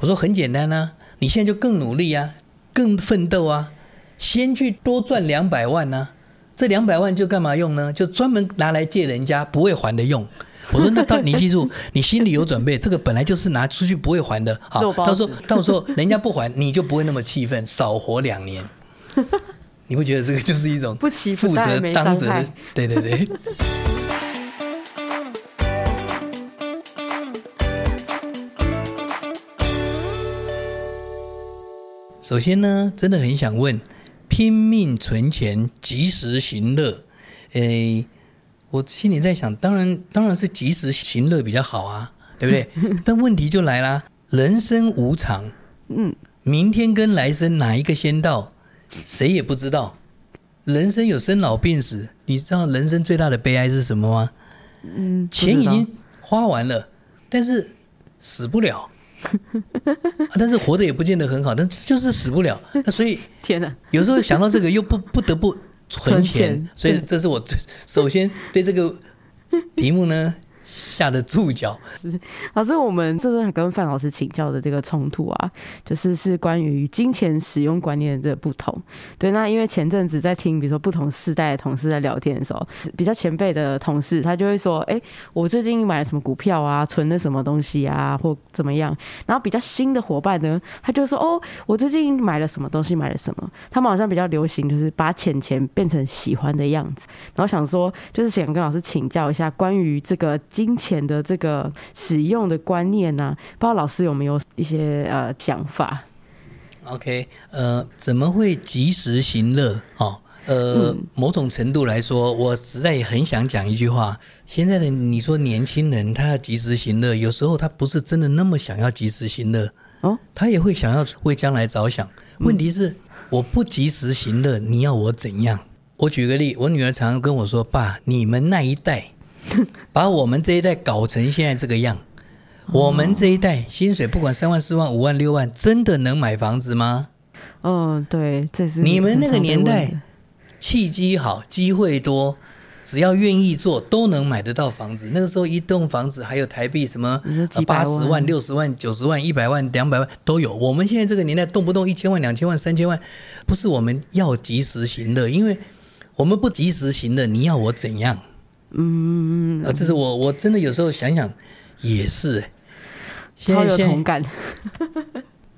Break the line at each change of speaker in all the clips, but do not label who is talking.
我說很簡單吶、啊，你現在就更努力啊，更奮鬥啊，先去多賺兩百萬呢、啊。這兩百萬就幹嘛用呢？就專門拿來借人家不會還的用。我說那到你記住， 你心裡有準備，這個本來就是拿出去不會還的啊。好，到時候到時候人家不還，你就不會那麼氣憤，少活兩年。 你會覺得這個就是一種負責當、當責，對對對。 首先呢，真的很想問，拼命存錢，及時行樂，誒、欸，我心裡在想，當然，當然是及時行樂比較好啊，對不對？ 但問題就來啦，人生無常，嗯，明天跟來生哪一個先到，誰也不知道。人生有生老病死，你知道人生最大的悲哀是什麼嗎？嗯，
錢已經
花完了，但是死不了。 但是活得也不見得很好，但就是死不了，那所以天哪！有時候想到這個又不不得不存錢，所以這是我首先對這個題目呢。嚇得住腳，
老師，我們這次跟范老師請教的這個衝突啊，就是是關於金錢使用觀念的不同。對，那因為前陣子在聽，比如說不同世代的同事在聊天的時候，比較前輩的同事，他就會說，哎、欸，我最近買了什麼股票啊，存了什麼東西啊，或怎麼樣。然後比較新的夥伴呢，他就說，哦，我最近買了什麼東西，買了什麼。他們好像比較流行，就是把錢錢變成喜歡的樣子。然後想說，就是想跟老師請教一下關於這個。金錢的這個使用的觀念呢、啊，不知道老師有沒有一些呃想法
？OK，呃，怎麼會及時行樂？哦，呃，嗯、某種程度來說，我實在也很想講一句話。現在的你說年輕人，他要及時行樂，有時候他不是真的那麼想要及時行樂哦，他也會想要為將來着想。問題是，嗯、我不及時行樂，你要我怎樣？我舉個例，我女兒常常跟我說：“爸，你們那一代。” 把我們這一代搞成現在這個樣，我們這一代薪水不管三萬四萬五萬六萬，真的能買房子嗎？
嗯，對，這是你們那個年代，
契機好，機會多，只要願意做，都能買得到房子。那個時候，一棟房子還有台幣什麼八十萬、六十萬、九十萬、一百萬、兩百萬都有。我們現在這個年代，動不動一千萬、兩千萬、三千萬，不是我們要及時行樂，因為我們不及時行樂，你要我怎樣？嗯，啊、嗯，嗯、這是我我真的有時候想想，也是，
超有同感。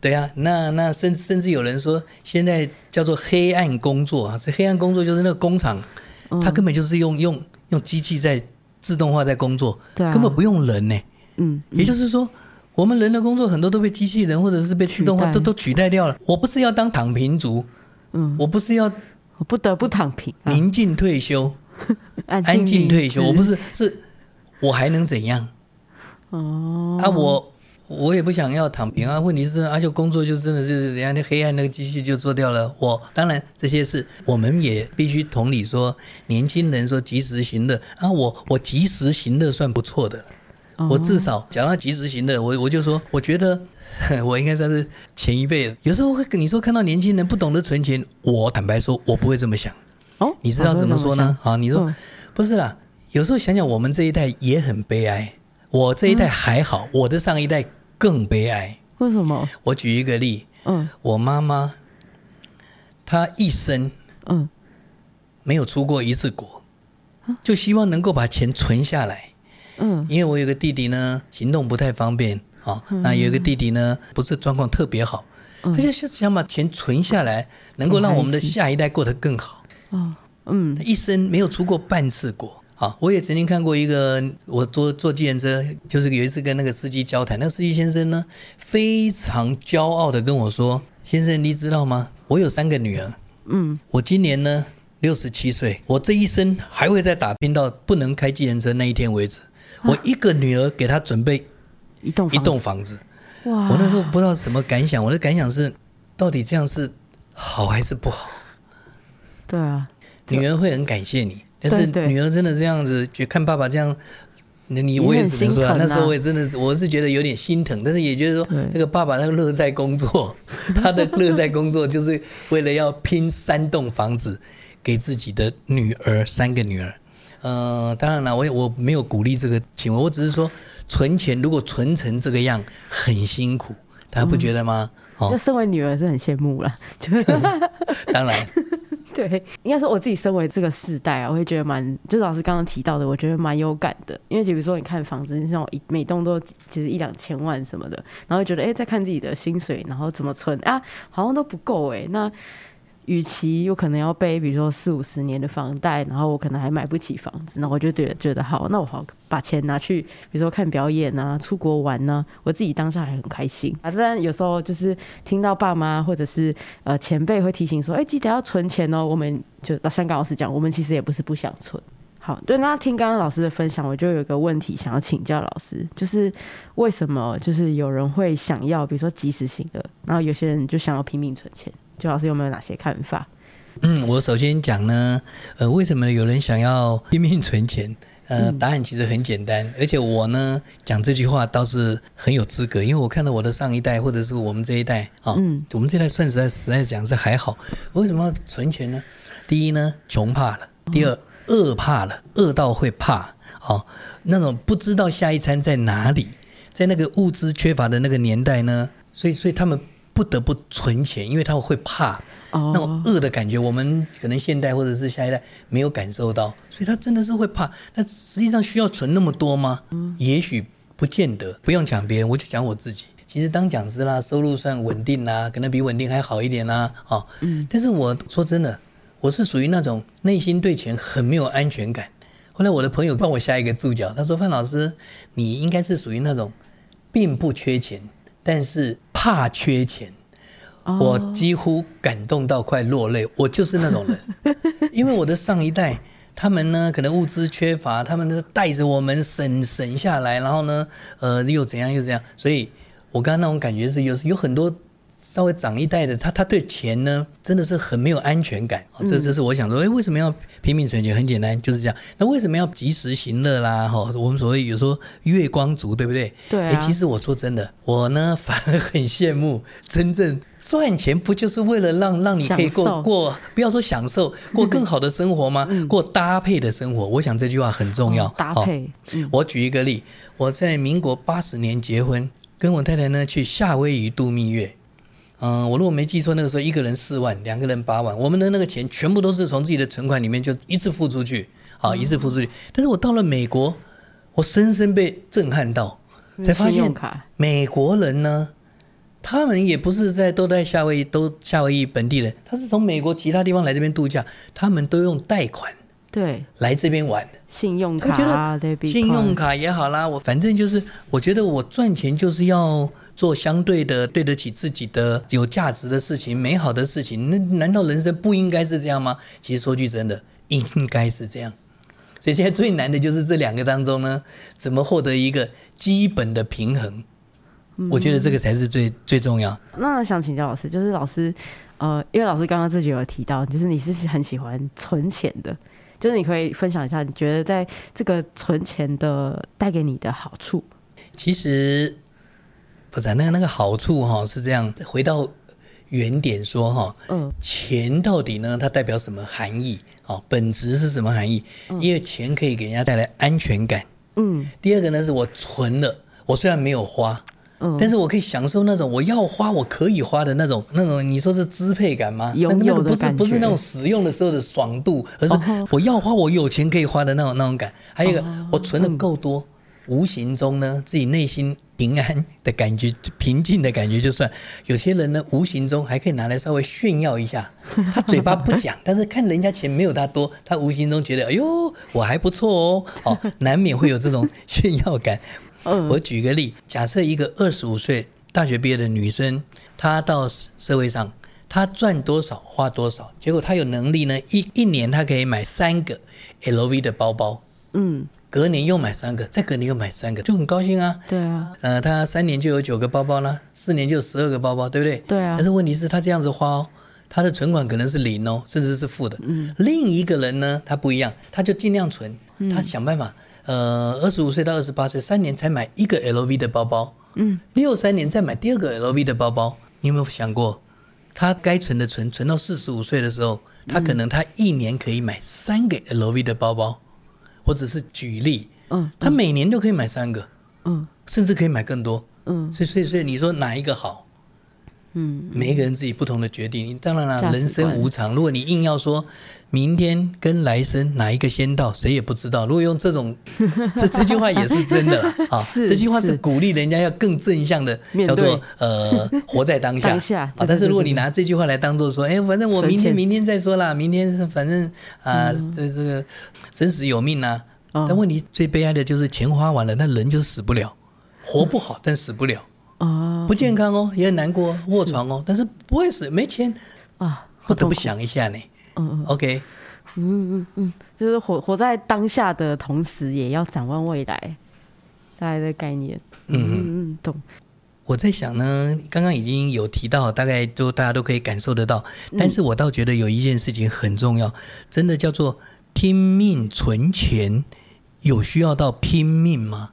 對 啊，那那甚甚至有人說，現在叫做黑暗工作啊，這黑暗工作就是那個工廠，嗯、它根本就是用用用機器在自動化在工作，嗯、根本不用人呢、欸嗯。嗯，也就是說，我們人的工作很多都被機器人或者是被自動化代都都取代掉了。我不是要當躺平族，嗯，我
不是要，不得不躺平，
臨、啊、近退休。安靜退休， 我不是是，我還能怎樣？哦，
啊，我
我也不想要躺平啊。問題是啊，就工作就真的就是人家那黑暗那個機器就做掉了。我當然這些事，我們也必須同理說，年輕人說及時行樂啊，我我及時行樂算不錯的，哦、我至少講到及時行樂，我我就說，我覺得我應該算是前一輩的。有時候會跟你說看到年輕人不懂得存錢，我坦白說，我不會這麼想。哦，你知道怎麼說呢？好，你說，不是啦。有時候想想，我們這一代也很悲哀。我這一代還好，我的上一代更悲哀。為什麼？我舉一個例，嗯，我媽媽她一生嗯沒有出過一次國，就希望能夠把錢存下來。嗯，因為我有個弟弟呢，行動不太方便啊。那有一個弟弟呢，不是狀況特別好，他就想把錢存下來，能夠讓我們的下一代過得更好。哦，嗯，一生沒有出過半次國啊。我也曾經看過一個，我坐坐計程車，就是有一次跟那個司機交談，那司機先生呢非常驕傲的跟我說：“先生，你知道嗎？我有三個女兒，嗯，我今年呢六十七歲，我這一生還會再打拼到不能開計程車那一天為止。啊、我一個女兒給她準備一棟一棟房子。哇！我那時候不知道什麼感想，我的感想是，到底這樣是好還是不好？”
對啊，女兒會
很感謝你，但是女兒真的這樣子，就看爸爸這樣，那你，你、啊、我也只能說，那時候我也真的是，我是覺得有點心疼。但是也就是說，那個爸爸那個樂在工作，對 他的樂在工作就是為了要拼三棟房子給自己的女兒，三個女兒。嗯、呃，當然了，我也我沒有鼓勵這個行為，我只是說，存錢如果存成這個樣，很辛
苦，大家不覺得嗎？好，那身為女兒是很羨慕了，當然。對，應該說我自己身為這個世代啊，我會覺得蠻，就老師剛剛提到的，我覺得蠻有感的。因為就比如說你看房子，你像我每棟都其實一兩千萬什麼的，然後覺得哎，再、欸、看自己的薪水，然後怎麼存啊，好像都不夠哎、欸，那。與其有可能要背，比如說四五十年的房貸，然後我可能還買不起房子，那我就覺得就覺得好，那我好把錢拿去，比如說看表演啊，出國玩呢、啊，我自己當下還很開心。反、啊、正有時候就是聽到爸媽或者是呃前輩會提醒說，哎、欸，記得要存錢哦、喔。我們就像剛剛老師講，我們其實也不是不想存。好，對，那聽剛剛老師的分享，我就有一個問題想要請教老師，就是為什麼就是有人會想要，比如說即時行樂，然後有些人就想要拼命存錢。朱老師有沒有哪些看法？
嗯，我首先講呢，呃，為什麼有人想要拼命存錢？呃，答案其實很簡單，嗯、而且我呢講這句話倒是很有資格，因為我看到我的上一代或者是我們這一代啊，哦、嗯，我們這代算是在，實在講是還好。為什麼要存錢呢？第一呢，窮怕了；第二，餓怕了，餓到會怕啊、哦，那種不知道下一餐在哪裡，在那個物資缺乏的那個年代呢，所以，所以他們。不得不存錢，因為他會怕那種餓的感覺。Oh. 我們可能現代或者是下一代沒有感受到，所以他真的是會怕。那實際上需要存那麼多嗎？Mm. 也許不見得。不用講別人，我就講我自己。其實當講師啦，收入算穩定啦，可能比穩定還好一點啦，哦，mm. 但是我說真的，我是屬於那種內心對錢很沒有安全感。後來我的朋友幫我下一個注腳，他說：“范老師，你應該是屬於那種並不缺錢。”但是怕缺錢，oh. 我幾乎感動到快落淚。我就是那種人， 因為我的上一代，他們呢，可能物資缺乏，他們都帶着我們省省，下來，然後呢，呃，又怎樣又怎樣。所以我剛剛那種感覺是有有很多。稍微長一代的他，他對錢呢真的是很沒有安全感。這、嗯、這是我想說，誒、欸，為什麼要拼命存錢？很簡單，就是這樣。那為什麼要及時行樂啦？哈，我們所謂有時候月光族，對不對？對、啊欸。其實我說真的，我呢反而很羨慕。真正賺錢不就是為了讓讓你可以過享受過不要說享受，過更好的生活嗎？嗯、過搭配的生活，我想這句話很重要。哦、搭配。我舉一個例，我在民國八十年結婚，跟我太太呢去夏威夷度蜜月。嗯，我如果沒記錯，那個時候一個人四萬，兩個人八萬，我們的那個錢全部都是從自己的存款裡面就一次付出去，好，一次付出去。但是我到了美國，我深深被震撼到，才發現美國人呢，他們也不是在都在夏威夷，都夏威夷本地人，他是從美國其他地方來這邊度假，他們都用貸款。對，來這邊玩，
信用卡，啊，我覺得信用卡
也好啦，我反正就是，我覺得我賺錢就是要做相對的對得起自己的有價值的事情，美好的事情。那難道人生不應該是這樣嗎？其實說句真的，應該是這樣。所以現在最難的就是這兩個當中呢，怎麼獲得一個基本的平衡？
我覺得這個才是
最最重要。
那想請教老師，就是老師，呃，因為老師剛剛自己有提到，就是你是很喜歡存錢的。就是你可以分享一下，你覺得在這個存錢的帶給你的好處？
其實，不是那個那個好處哈，是這樣，回到原點說哈，嗯，錢到底呢，它代表什麼含義？哦，本質是什麼含義？因為錢可以給人家帶來安全感，嗯。第二個呢，是我存了，我雖然沒有花。但是我可以享受那種我要花，我可以花的那種，那種你說是支配感嗎？感那個不是，不是那種使用的時候的爽度，而是我要花，我有錢可以花的那種那種感。還有一個我存的夠多，嗯、無形中呢，自己內心。平安的感覺，平靜的感覺就算。有些人呢，無形中還可以拿來稍微炫耀一下。他嘴巴不講，但是看人家錢沒有他多，他無形中覺得，哎呦，我還不錯哦。好，難免會有這種炫耀感。 我舉個例，假設一個二十五歲大學畢業的女生，她到社會上，她賺多少花多少，結果她有能力呢，一一年她可以買三個 LV 的包包。嗯。隔年又買三個，再隔年又買三個，就很高興啊。對啊，呃，他三年就有九個包包啦，四年就有十二個包包，對不對？對啊。但是問題是他這樣子花哦，他的存款可能是零哦，甚至是負的。嗯。另一個人呢，他不一樣，他就盡量存，他想辦法。嗯、呃，二十五歲到二十八歲，三年才買一個 LV 的包包。嗯。又三年再買第二個 LV 的包包，你有沒有想過，他該存的存，存到四十五歲的時候，他可能他一年可以買三個 LV 的包包。我只是舉例，嗯，他每年都可以買三個，嗯，嗯甚至可以買更多，嗯，所以所以所以你說哪一個好？嗯，嗯每一個人自己不同的決定，當然了，人生無常。如果你硬要說，明天跟來生哪一個先到，誰也不知道。如果用這種，
這這句話也是真的 是啊。這句話是
鼓勵人家要更正向的，叫做呃，活在當下。當 下啊。但是如果你拿這句話來當做說， 哎，反正我明天明天再說啦，明天是反正啊、呃，這這個生死有命吶、啊。嗯、但問題最悲哀的就是錢花完了，那人就死不了， 活不好但死不了。哦，不健康哦，嗯、也很難過，臥牀哦，是但是不會死，沒錢啊，不得不想一下呢。嗯
okay 嗯，OK，嗯嗯嗯，就是活活在當下的同時，也要展望未來，大概的概念。嗯嗯哼嗯，懂。
我在想呢，剛剛已經有提到，大概就大家都可以感受得到，但是我倒覺得有一件事情很重要，嗯、真的叫做拼命存錢，有需要到拼命嗎？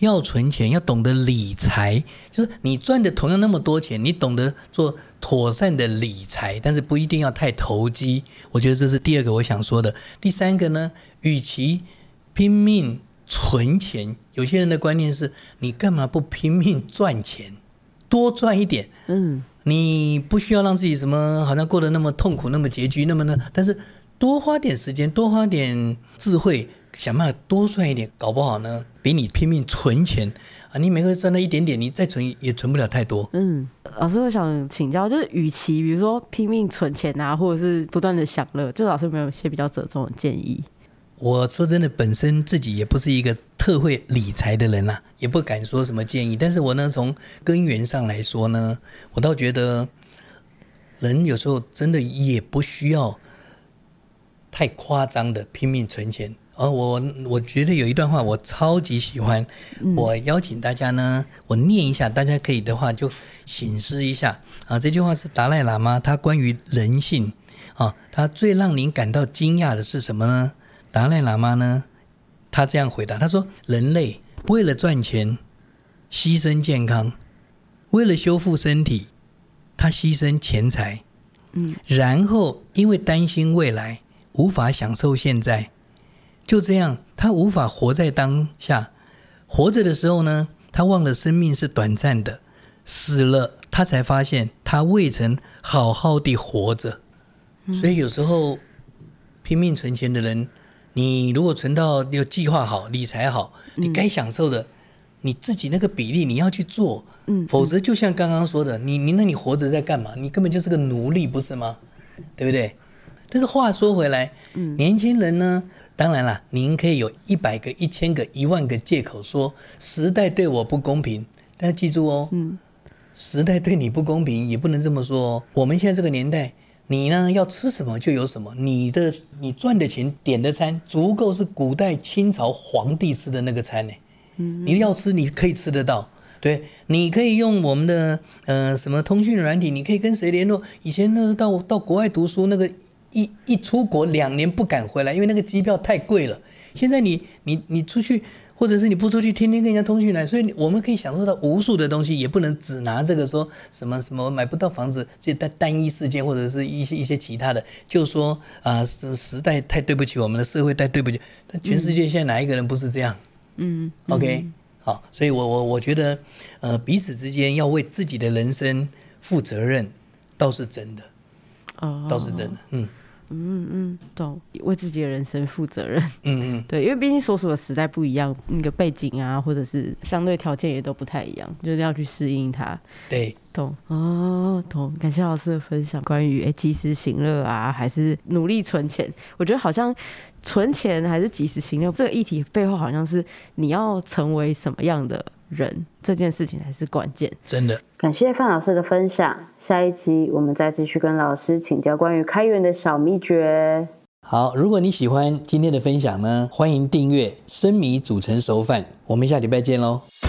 要存錢，要懂得理財，就是你賺的同樣那麼多錢，你懂得做妥善的理財，但是不一定要太投機。我覺得這是第二個我想說的。第三個呢，與其拼命存錢，有些人的觀念是你幹嘛不拼命賺錢，多賺一點。嗯，你不需要讓自己什麼好像過得那麼痛苦、那麼拮據，那麼呢？但是多花點時間，多花點智慧。想辦法多賺一點，搞不好呢，比你拼命存錢啊，你每個月賺那一點點，你再存也存不了太多。
嗯，老師，我想請教，就是與其比如說拼命存錢啊，或者是不斷的享樂，就老師有沒有一些比較折中的建議？
我說真的，本身自己也不是一個特會理財的人啊，也不敢說什麼建議。但是我呢，從根源上來說呢，我倒覺得，人有時候真的也不需要太誇張的拼命存錢。呃，我我覺得有一段話我超級喜歡，嗯、我邀請大家呢，我念一下，大家可以的話就省思一下。啊，這句話是達賴喇嘛他關於人性啊，他最讓您感到驚訝的是什麼呢？達賴喇嘛呢，他這樣回答，他說：人類為了賺錢犧牲健康，為了修復身體，他犧牲錢財，嗯，然後因為擔心未來，無法享受現在。就這樣，他無法活在當下。活着的時候呢，他忘了生命是短暫的，死了，他才發現他未曾好好地活着。嗯、所以有時候拼命存錢的人，你如果存到有計劃好、理財好，嗯、你該享受的，你自己那個比例你要去做。
嗯，否則
就像剛剛說的，你你那你活着在幹嘛？你根本就是個奴隸，不是嗎？對不對？但是話說回來，年輕人呢，嗯，當然啦，您可以有一百個、一千個、一萬個借口說時代對我不公平。大家記住哦，嗯，時代對你不公平也不能這麼說哦。我們現在這個年代，你呢，要吃什麼就有什麼，你的你賺的錢點的餐，足夠是古代清朝皇帝吃的那個餐呢。你要吃你可以吃得到，對，你可以用我們的呃什麼通訊軟體，你可以跟誰聯絡。以前那是到到國外讀書那個。一一出國兩年不敢回來，因為那個機票太貴了。現在你你你出去，或者是你不出去，天天跟人家通訊來，所以我們可以享受到無數的東西，也不能只拿這個說什麼什麼買不到房子，這單單一事件或者是一些一些其他的，就說啊，什、呃、時代太對不起我們的社會，太對不起。但全世界現在哪一個人不是這樣？
嗯，OK，
好，所以我我我覺得，呃，彼此之間要為自己的人生負責任，倒是真的。哦、都是真
的，嗯嗯嗯，懂，為自己的人生負責任，嗯嗯，嗯，對，因為畢竟所處的時代不一樣，那個背景啊，或者是相對條件也都不太一樣，就是、要去適應它。對，懂哦，懂，感謝老師的分享，關於哎即時行樂啊，還是努力存錢，我覺得好像存錢還是即時行樂這個議題背後，好像是你要成為什麼樣的人這件事情還是關鍵，真的。感謝范老師的分享，下一集我們再繼續跟老師請教關於開源的小秘訣。
好，如果你喜歡今天的分享呢，歡迎訂閱，生米煮成熟飯。我們下禮拜見嘍。